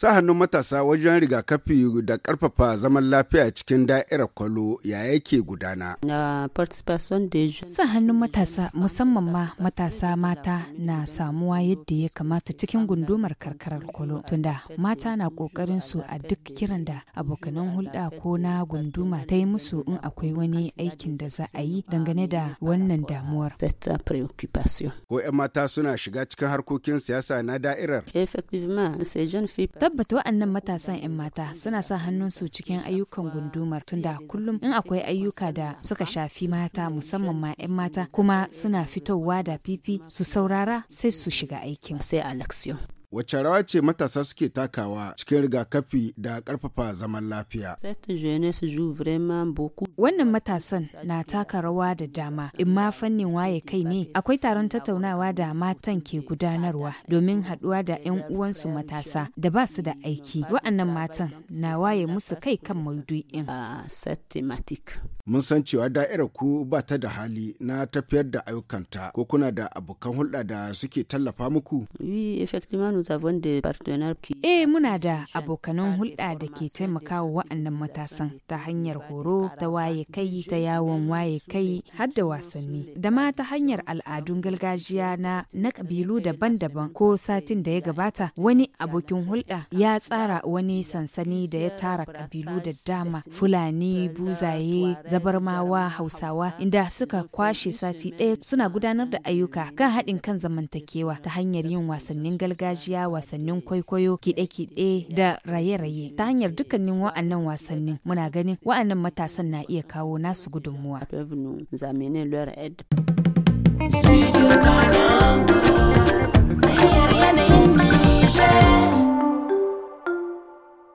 sa hannun matasa wajen rigakafi da karfafa zaman lafiya cikin da'irar kwalo ya yake gudana. Sa hannun matasa musamman ma matasa mata na samuwa yadda ya kamata cikin gundumar karkarar kwalo tunda mata na kokarin su a duk kiran da abokanan hulɗa ko na gunduma ta yi musu in akwai wani aikin da za a yi dangane da wannan damuwar. Ko 'yan mata suna shiga cikin harkokin siyasa na da'irar. Tabbata waɗannan matasan 'yan mata suna sa hannunsu cikin ayyukan gundumar tunda kullum in akwai ayyuka da suka shafi mata musamman ma 'yan mata kuma suna fitowa da fifi su saurara sai su shiga aikin. Sai a wacce rawa ce matasa suke takawa cikin rigakafi da karfafa zaman lafiya? Wannan matasan na taka rawa da dama, in ma fannin waye kai ne akwai taron tattaunawa da matan ke gudanarwa domin haɗuwa da 'yan uwansu matasa da ba su da aiki. Wa'annan matan na waye musu kai kan maudu'in. Ah, Mun san cewa da'irar ku ba ta da hali na tafiyar da ayyukanta ko kuna da abokan hulɗa da suke tallafa muku? Eh muna da abokanan hulɗa da ke taimakawa wa'annan matasan ta hanyar horo ta waye kai ta yawon waye kai har da wasanni da ma ta hanyar al'adun gargajiya na na kabilu daban-daban ko satin da ya gabata wani abokin hulɗa ya tsara wani sansani da ya tara kabilu da dama fulani buzaye zabarmawa hausawa inda suka kwashe sati ɗaya suna gudanar da ayyuka kan haɗin kan zamantakewa ta hanyar yin wasannin gargajiya gargajiya wasannin kwaikwayo kiɗe-kiɗe da raye-raye ta hanyar dukkanin wa'annan wasannin muna ganin wa'annan matasan na iya kawo nasu gudunmuwa.